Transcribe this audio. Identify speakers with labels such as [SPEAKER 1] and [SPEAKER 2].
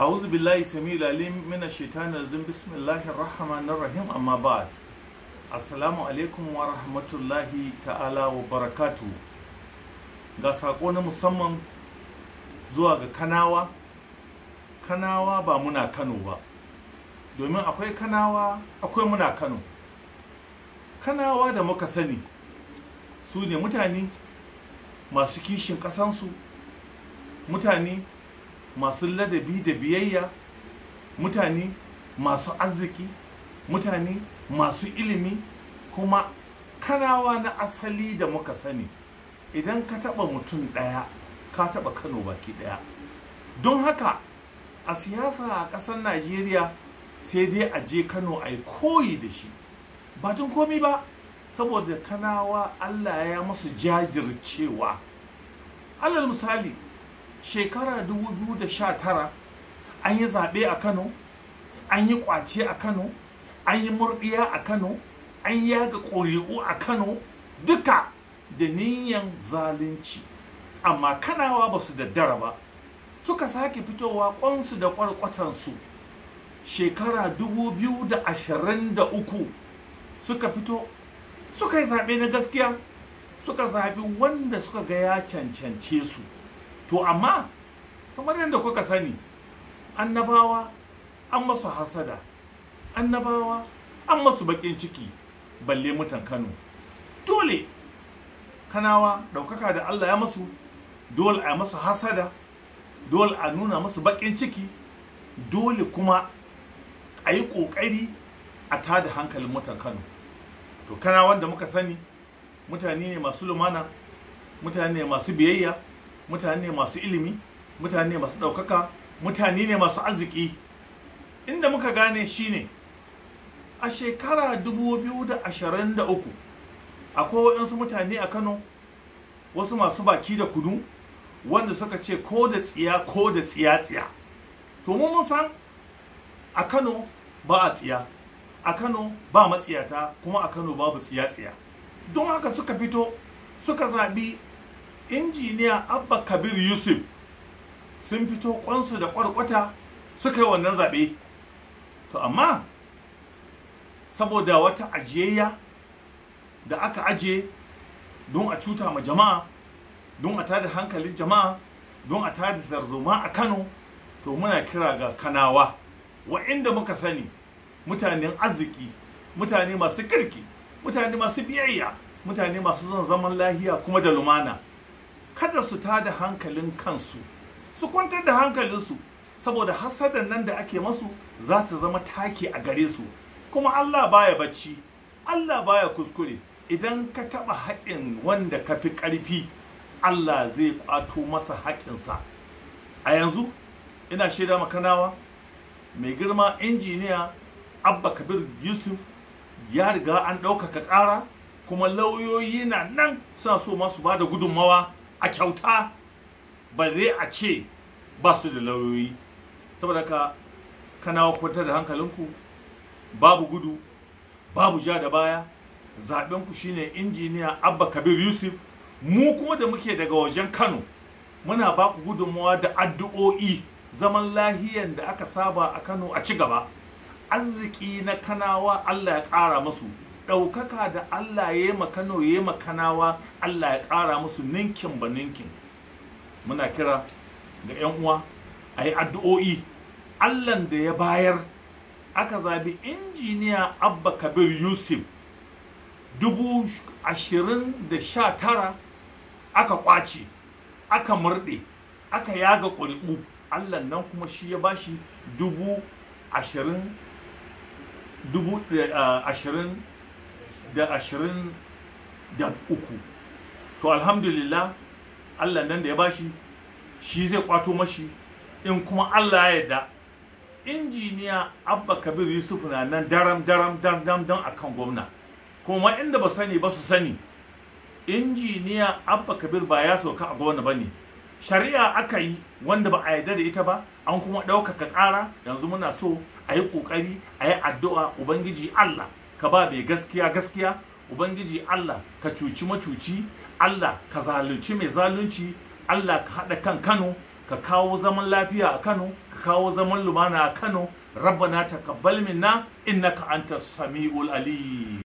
[SPEAKER 1] أعوذ بالله سميع العليم من الشيطان الرجيم بسم الله الرحمن الرحيم أما بعد Assalamu alaikum wa rahmatullahi ta'ala wa barakatu ga sako na musamman zuwa ga kanawa kanawa ba muna kano ba domin akwai kanawa akwai muna kano kanawa da muka sani su ne mutane masu kishin ƙasansu mutane masu ladabi da biyayya mutane masu arziki mutane masu ilimi kuma kanawa na asali da muka sani idan ka taba mutum daya ka taba kano baki daya don haka a siyasa a kasar najeriya sai dai a je kano a yi koyi da shi ba tun komi ba saboda kanawa allah ya masu jajircewa alal misali shekara sha tara, an yi zaɓe a kano an yi ƙwace a kano an yi murɗiya a kano an yaga ƙuri'u a kano duka da niyan zalunci amma kanawa ba su daddara ba suka sake fitowa ƙwansu da ƙwarƙwatansu shekara 2023 suka fito suka yi zaɓe na gaskiya suka zaɓi wanda suka ga ya cancance su to amma kamar yadda kuka sani annabawa an masu hasada annabawa an masu bakin ciki balle mutan kano dole kanawa ɗaukaka da allah ya masu dole a masu hasada dole a nuna masu bakin ciki dole kuma a yi ƙoƙari a tada hankalin mutan kano to kana wanda muka sani mutane ne masu lumana mutane ne masu biyayya mutane masu ilimi mutane ne masu ɗaukaka mutane ne masu arziki inda muka gane shine a shekara 2023 akwai waɗansu mutane a kano wasu masu baki da kunu wanda suka ce ko da tsiya ko da tsiya tsiya to mu mun san a kano ba a tsiya a kano ba matsiyata kuma a kano babu tsiya tsiya don haka suka fito suka zaɓi injiniya abba kabir yusuf sun fito kwansu da kwarkwata suka yi wannan zaɓe to amma saboda wata ajiyayya da aka aje don a cuta ma jama'a don a tada hankalin jama'a don a tada zarzoma a kano to muna kira ga kanawa wa'inda muka sani mutanen arziki mutane masu kirki mutane masu biyayya mutane masu zan zaman lahiya kuma da lumana kada su tada hankalin kansu su kwantar da hankalinsu saboda hasadan nan da ake masu za ta zama take a gare su kuma Allah baya bacci Allah baya kuskure idan ka taɓa haƙin wanda ka fi ƙarfi Allah zai ƙwato masa haƙinsa a yanzu ina shaida makanawa mai girma injiniya abba kabir yusuf ya riga an ɗaukaka ƙara kuma lauyoyi na nan suna so masu ba da gudunmawa a kyauta ba zai a ce ba su da lauyoyi saboda ka kana kwantar da hankalinku babu gudu babu ja da baya zaɓenku shine injiniya abba kabir yusuf mu kuma da muke daga wajen kano muna ba ku gudunmawa da addu'o'i zaman lahiyan da aka saba a kano a ci gaba arziki na kanawa allah ya ƙara masu ɗaukaka da Allah ya yi makano ya yi makanawa Allah ya ƙara musu ninkin ba ninkin muna kira ga 'yan uwa a yi addu'o'i Allahn da ya bayar aka zabi injiniya abba kabir yusuf dubu ashirin da sha tara aka ƙwace, aka murɗe aka yaga ƙuri'u allah nan kuma shi ya bashi dubu dubu ashirin eh, da ashirin da uku to alhamdulillah allah nan da ya bashi shi zai kwato mashi in kuma allah ya yarda injiniya abba kabir yusuf na nan daram daram daram a akan gwamna kuma inda ba sani ba su sani injiniya abba kabir ba ya sauka a gwamna ba ne shari'a aka yi wanda ba a yarda da ita ba an kuma ɗaukaka ƙara yanzu muna so a yi ƙoƙari a yi addu'a ubangiji allah ka ba mai gaskiya gaskiya ubangiji Allah ka cuci macuci Allah ka zalunci mai zalunci Allah ka haɗa kan Kano ka kawo zaman lafiya a Kano ka kawo zaman lumana a Kano rabbana takabbal minna innaka antas samiul alim